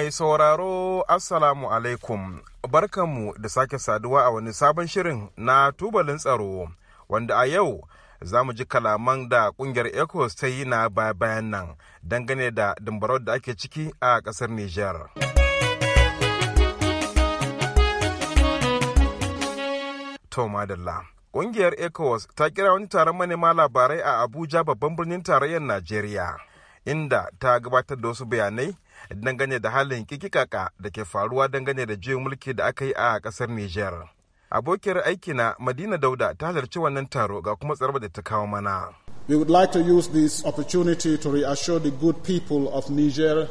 Mai sauraro Assalamu alaikum barkanmu da sake saduwa a wani sabon shirin na tubalin tsaro wanda a yau za mu ji kalaman da kungiyar ecos ta yi na bayan nan dangane da dambarwar da ake ciki a kasar niger Ƙungiyar ECOWAS ta kira wani taron manema labarai a Abuja babban birnin tarayyar Najeriya, inda ta gabatar da wasu bayanai dangane da halin kikikaka da ke faruwa dangane da juyin mulki da aka yi a kasar Nijar. Abokiyar aiki na Madina Dauda ta halarci wannan taro ga kuma tsarba da ta kawo mana. We would like to use this opportunity to reassure the good people of Niger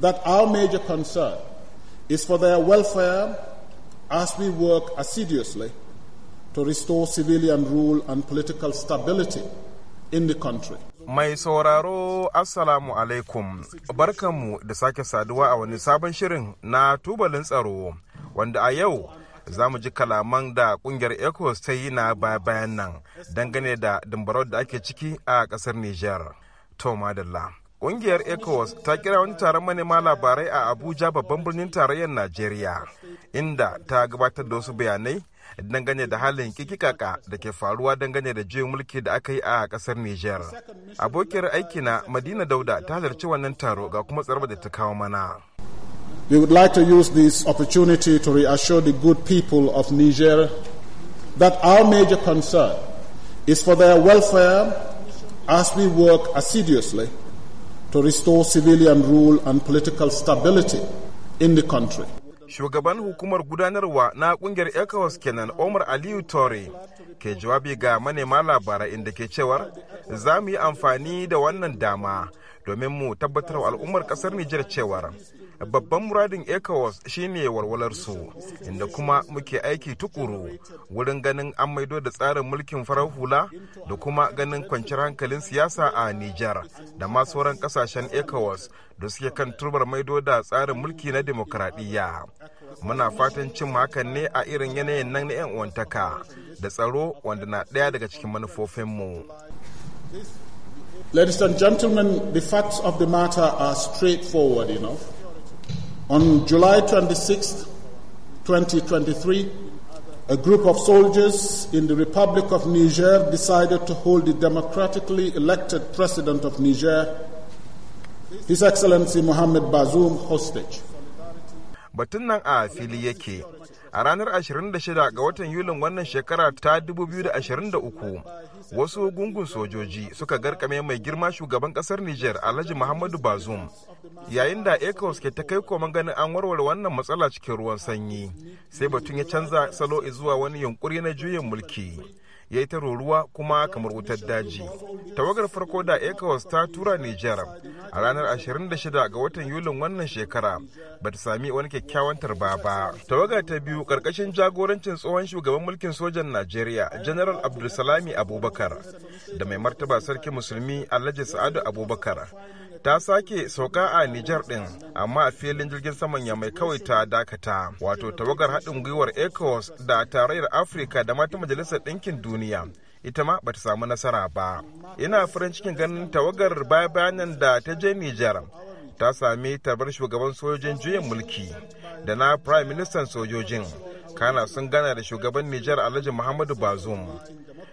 that our major concern is for their welfare as we work assiduously to restore civilian rule and political stability in the country. Mai sauraro Assalamu alaikum barkanmu da sake saduwa a wani sabon shirin na tubalin tsaro wanda a yau za mu ji kalaman da kungiyar ecos ta yi na bayan nan dangane da dimbarau da ake ciki a kasar niger tomadala adalla Ƙungiyar ECOWAS ta kira wani taron manema labarai a Abuja babban birnin tarayyar Najeriya, inda ta gabatar da wasu bayanai dangane da halin kikikaka da ke faruwa dangane da juyin mulki da aka yi a kasar Nijar. Abokiyar aiki na Madina Dauda ta halarci wannan taro ga kuma tsarba da ta kawo mana. We would like to use this opportunity to reassure the good people of Niger that our major concern is for their welfare as we work assiduously to restore civilian rule and political stability in the country. shugaban hukumar gudanarwa na kungiyar ecowas kenan omar aliyu tore ke jawabi ga manema labarai inda ke cewar za mu yi amfani da wannan dama domin mu tabbatar wa al'ummar kasar nijar cewar babban muradin ecowas shine walwalar su inda kuma muke aiki tukuru wurin ganin an maido da tsarin mulkin farar hula da kuma ganin kwanciyar hankalin siyasa a nijar da ma sauran kasashen ecowas da suke kan turbar maido da tsarin mulki na demokradiyya muna fatan cin hakan ne a irin yanayin nan na 'yan uwantaka da tsaro wanda na ɗaya daga cikin manufofinmu Ladies and gentlemen, the facts of the matter are straightforward enough. On July 26, 2023, a group of soldiers in the Republic of Niger decided to hold the democratically elected president of Niger, His Excellency Mohamed Bazoum, hostage. Batun a fili a ranar 26 ga watan yulin wannan shekara ta 2023 wasu gungun sojoji suka garkame mai girma shugaban kasar niger alhaji muhammadu bazum yayin da ecos ke ta kai koma ganin an warware wannan matsala cikin ruwan sanyi sai batun ya canza salo zuwa wani yunkuri na juyin mulki ya yi ta ruwa kuma kamar wutar daji tawagar farko da ecowas ta tura nijar a ranar 26 ga watan yulin wannan shekara ba ta sami wani kyakkyawan tarba ba tawaga ta biyu karkashin jagorancin tsohon shugaban mulkin sojan najeriya general abdulsalami abubakar da mai martaba sarki musulmi alhaji sa'adu abubakar ta sake sauka a Nijar ɗin, amma a filin jirgin saman ya mai kawai ta dakata. Wato tawagar haɗin gwiwar ECOWAS da tarayyar Afirka da mata Majalisar Ɗinkin Duniya. ita ma bata samu nasara ba. Ina farin cikin ganin tawagar baya bayanan da ta je Nijar ta sami tarbar shugaban sojojin juyin mulki da na prime ministan sojojin. Kana sun gana da shugaban Nijar Alhaji Muhammadu Bazoum.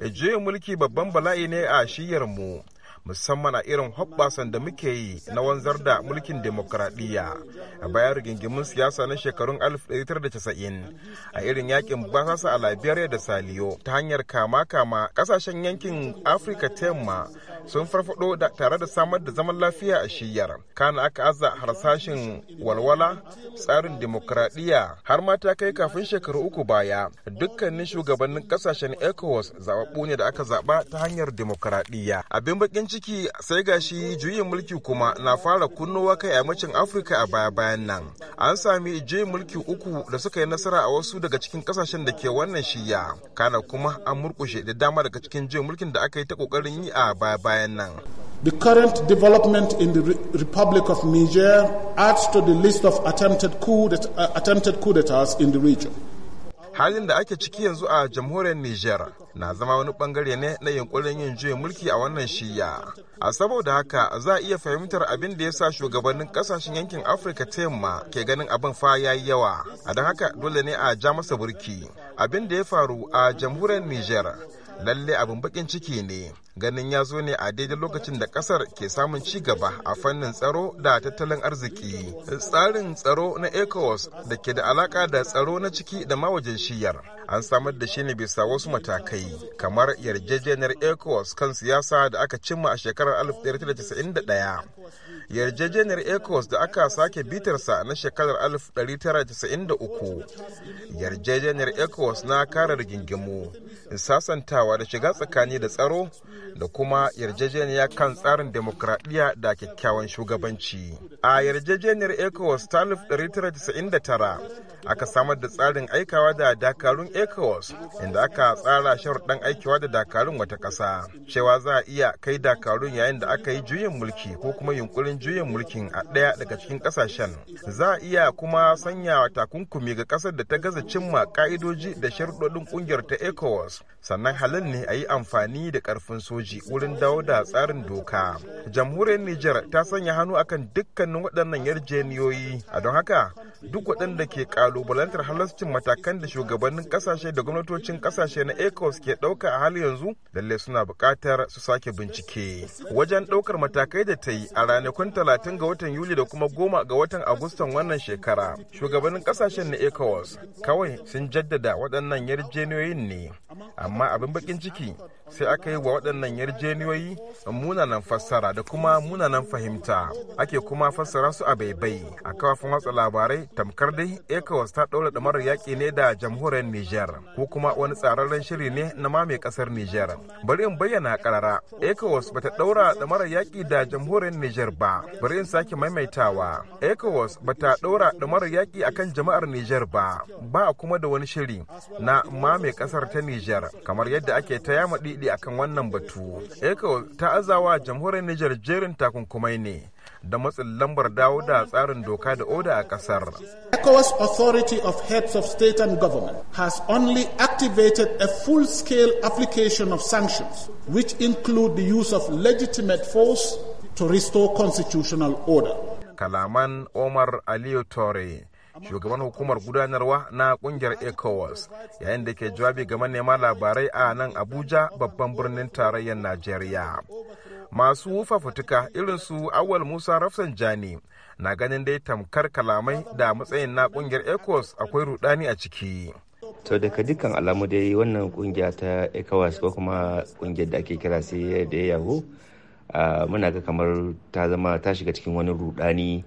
E, juyin mulki babban bala'i ne a shiyar mu. musamman a irin hoɓɓasan da muke yi na wanzar da mulkin demokradiyya a bayan rigingimun siyasa na shekarun 1990 a irin yakin basasa a liberia da saliyo ta hanyar kama-kama ƙasashen yankin afirka ta yamma sun farfado tare da samar da zaman lafiya a shiyar kana aka aza harsashin walwala tsarin demokradiyya har ma ta kai kafin shekaru uku baya dukkanin shugabannin kasashen ecowas zababbu ne da aka zaba ta hanyar demokradiyya abin bakin ciki sai gashi juyin mulki kuma na fara kunnowa kai a yammacin afirka a baya bayan nan an sami juyin mulki uku da suka yi nasara a wasu daga cikin kasashen da ke wannan shiya kana kuma an murkushe da dama daga cikin juyin mulkin da aka yi ta kokarin yi a baya bayan bayan nan. The current development in the Republic of Niger adds to the list of attempted coup, uh, attempted coup d'etats in the region. halin da ake ciki yanzu a jamhuriyar Nijar na zama wani bangare ne na yunkurin yin juyin mulki a wannan shiya. A saboda haka za a iya fahimtar abin da ya sa shugabannin kasashen yankin Afirka ta yamma ke ganin abin fa ya yi yawa. A don haka dole ne a ja masa burki. Abin da ya faru a jamhuriyar Nijar lalle abin bakin ciki ne. ganin ya zo ne a daidai lokacin da kasar ke samun ci gaba a fannin tsaro da tattalin arziki tsarin tsaro na ecowas da ke da alaka da tsaro na ciki da mawajin shiyar an samar da shi ne bisa wasu matakai kamar yarjejeniyar ecowas kan siyasa da aka cimma a shekarar 1991 yarjejeniyar ecos da aka sake bitarsa na shekarar 1993 yarjejeniyar ecos na kare rigingimu sasantawa da shiga tsakani da tsaro da kuma yarjejeniya kan tsarin demokradiyya da kyakkyawan shugabanci. A yarjejeniyar ECOWAS ta 1999 aka samar da tsarin aikawa da dakarun ECOWAS inda aka tsara sharuɗan aikiwa da dakarun wata ƙasa. Cewa za a iya kai dakarun yayin da aka yi juyin mulki ko kuma yunkurin juyin mulkin a ɗaya daga cikin ƙasashen. Za a iya kuma sanya takunkumi ga ƙasar da ta gaza cimma ƙa'idoji da sharuɗoɗin ƙungiyar ta ECOWAS. sannan halin ne a yi amfani da karfin soji wurin dawo da tsarin doka jamhuriyar niger ta sanya hannu akan dukkanin waɗannan yarjeniyoyi a don haka duk waɗanda ke ƙalubalantar halarcin matakan da shugabannin ƙasashe da gwamnatocin ƙasashe na ecos ke ɗauka a hali yanzu lalle suna buƙatar su sake bincike wajen ɗaukar matakai da ta yi a ranakun talatin ga watan yuli da kuma goma ga watan agustan wannan shekara shugabannin ƙasashen na ecos kawai sun jaddada waɗannan yarjejeniyoyin ne amma abin bakin ciki sai aka yi wa waɗannan yarjeniyoyi munanan fassara da kuma munanan fahimta ake kuma fassara su a baibai a kafin watsa labarai tamkar dai ecowas ta ɗaura ɗamarar yaƙi ne da jamhuriyar niger ko kuma wani tsararren shiri ne na mame ƙasar niger bari in bayyana ƙarara ecowas bata ɗaura ɗamarar yaƙi da jamhuriyar niger ba bari in sake maimaitawa ecowas bata ɗaura ɗamarar yaƙi akan jama'ar niger ba ba kuma da wani shiri na mame ƙasar ta niger kamar yadda ake ta yamaɗi daɗi akan wannan batu eco ta azawa jamhuriyar nijar jerin takunkumai ne da matsin lambar dawo da tsarin doka da oda a kasar. ECOWAS Authority of Heads of State and Government has only activated a full-scale application of sanctions, which include the use of legitimate force to restore constitutional order. Kalaman Omar Aliyu Tore shugaban hukumar gudanarwa na kungiyar ecowas yayin da ke jawabi ga manema labarai a nan abuja babban birnin tarayyar najeriya masu fafutuka irin su awal musa rafsanjani na ganin dai tamkar kalamai da matsayin na kungiyar ecowas akwai rudani a ciki to daga dukkan alamu dai wannan kungiya ta ecowas ko kuma kungiyar da ake kira sai da yahoo muna ga kamar ta zama ta shiga cikin wani rudani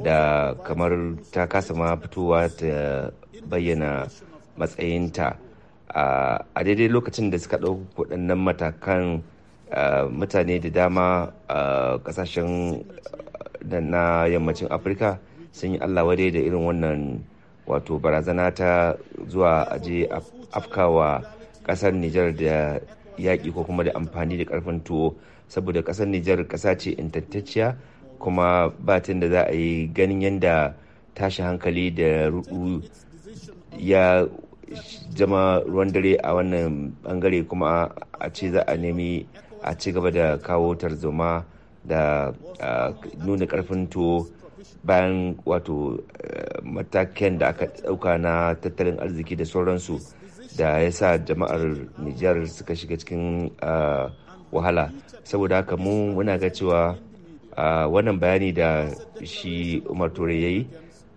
da kamar ta kasa ma fitowa ta bayyana matsayinta a daidai lokacin da suka ɗauki waɗannan matakan mutane da dama a ƙasashen na yammacin afirka sun yi allah wadai da irin wannan wato barazana ta zuwa aje afkawa ƙasar nijar da yaƙi ko kuma da amfani da ƙarfin tuwo saboda ƙasar nijar ƙasa ce intantacciya kuma batin da za a yi ganin yadda tashi hankali da rudu ya zama ruwan dare a wannan bangare kuma a ce za a nemi a ci gaba da kawo tarzoma da nuna karfin tuwo bayan wato eh, matakin da aka dauka na tattalin arziki da sauransu da ya sa jama'ar nijar suka shiga cikin eh, wahala saboda haka mu muna ga cewa wannan bayani da shi umar ture ya yi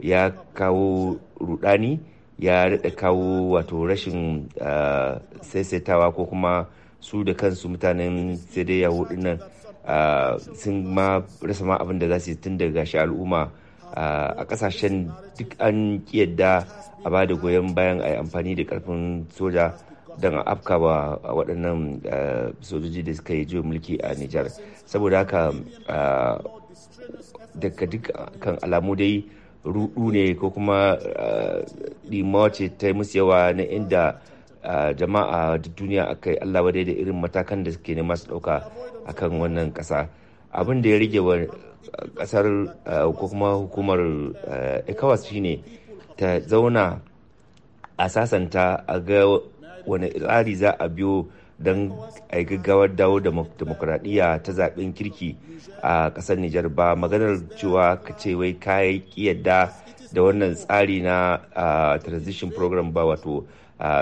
ya kawo rudani ya rika kawo wato rashin saisaitawa ko kuma su da kansu mutanen sai dai yahudu nan sun ma rasa ma abin da za su yi tun daga shi al'umma a kasashen duk an kiyarda a ba da goyon bayan a yi amfani da karfin soja don a afkawa waɗannan eh, sojoji da suka yi juyin mulki a Nijar. Saboda haka eh, daga dukkan alamu dai rudu ne ko kuma limawa eh, ce ta yi musu yawa na inda jama'a duk duniya aka yi Allah wadai da irin matakan da suke nema su ɗauka a kan wannan ƙasa. Abin da ya rage wa ƙasar ko kuma hukumar ECOWAS shine ta zauna a sasanta a ga wani tsari za a biyo don a yi gaggawar dawo da demokuraɗiyya ta zaɓen kirki a ƙasar Nijar ba maganar cewa ka ce wai kayan ƙiyadda da wannan tsari na transition program ba wato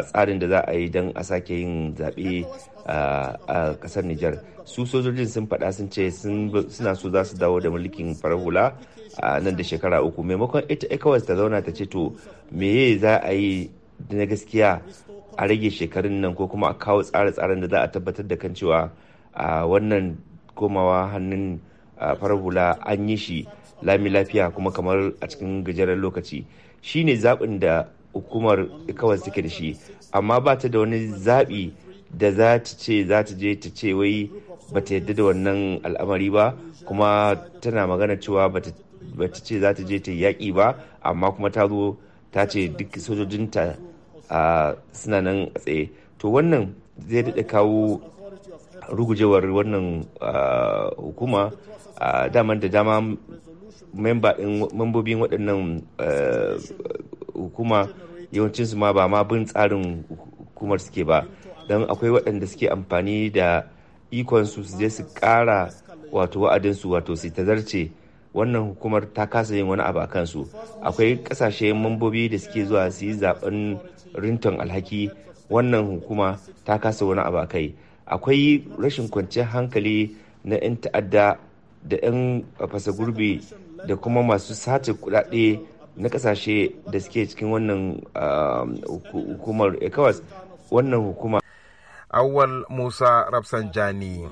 tsarin da za a yi don a sake yin zaɓe a ƙasar Nijar. Su sojojin sun faɗa sun ce suna so za su dawo da mulkin farahula a nan da shekara uku maimakon ita ECOWAS ta zauna ta ce to meye za a yi na gaskiya a rage shekarun nan ko kuma a kawo tsare-tsaren da za a tabbatar da kan cewa a wannan komawa hannun farar hula an yi shi lami lafiya kuma kamar a cikin gajeren lokaci shi ne zaɓin da hukumar kawai suke da shi amma ba ta da wani zaɓi da za ta ce za ta je ta ce wai ba ta yadda da wannan al'amari ba kuma tana magana cewa ba ta ce za ta je ta yaƙi ba amma kuma ta zo ta ce duk sojojinta a suna nan tsaye to wannan zai daɗa kawo rugujewar wannan hukuma daman da dama membobin waɗannan hukuma yawancinsu ma ba ma bin tsarin hukumar suke ba don akwai waɗanda suke amfani da ikonsu su je su ƙara wato wa'adinsu wato su tazarce wannan hukumar ta kasa yin wani abu a kansu akwai ƙasashen mambobi da suke zuwa su yi zaben rinton alhaki wannan hukuma ta kasa wani abu kai akwai rashin kwanciyar hankali na 'yan ta'adda da 'yan fasa gurbi da kuma masu sace kudade na kasashe da suke cikin wannan um, hukumar ecowas wannan hukuma awwal musa rafsanjani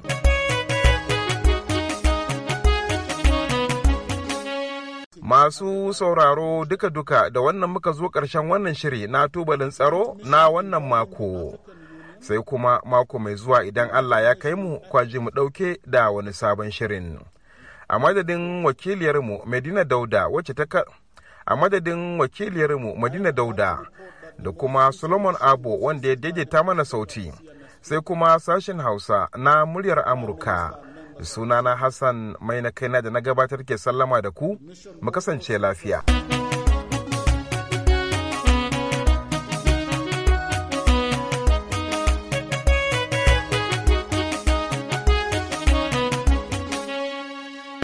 Masu sauraro duka-duka da wannan muka zo ƙarshen wannan shiri na tubalin tsaro na wannan mako. Sai kuma mako mai zuwa idan Allah ya kai mu kwaji mu ɗauke da wani sabon shirin. A madadin wakiliyarmu Medina Dauda wacce ta a madadin wakiliyarmu Madina Dauda da kuma Solomon abu wanda ya daidaita mana sauti sai kuma sashen Hausa na muryar Amurka. sunana hassan mai na kaina da na gabatar ke sallama da ku mu kasance lafiya.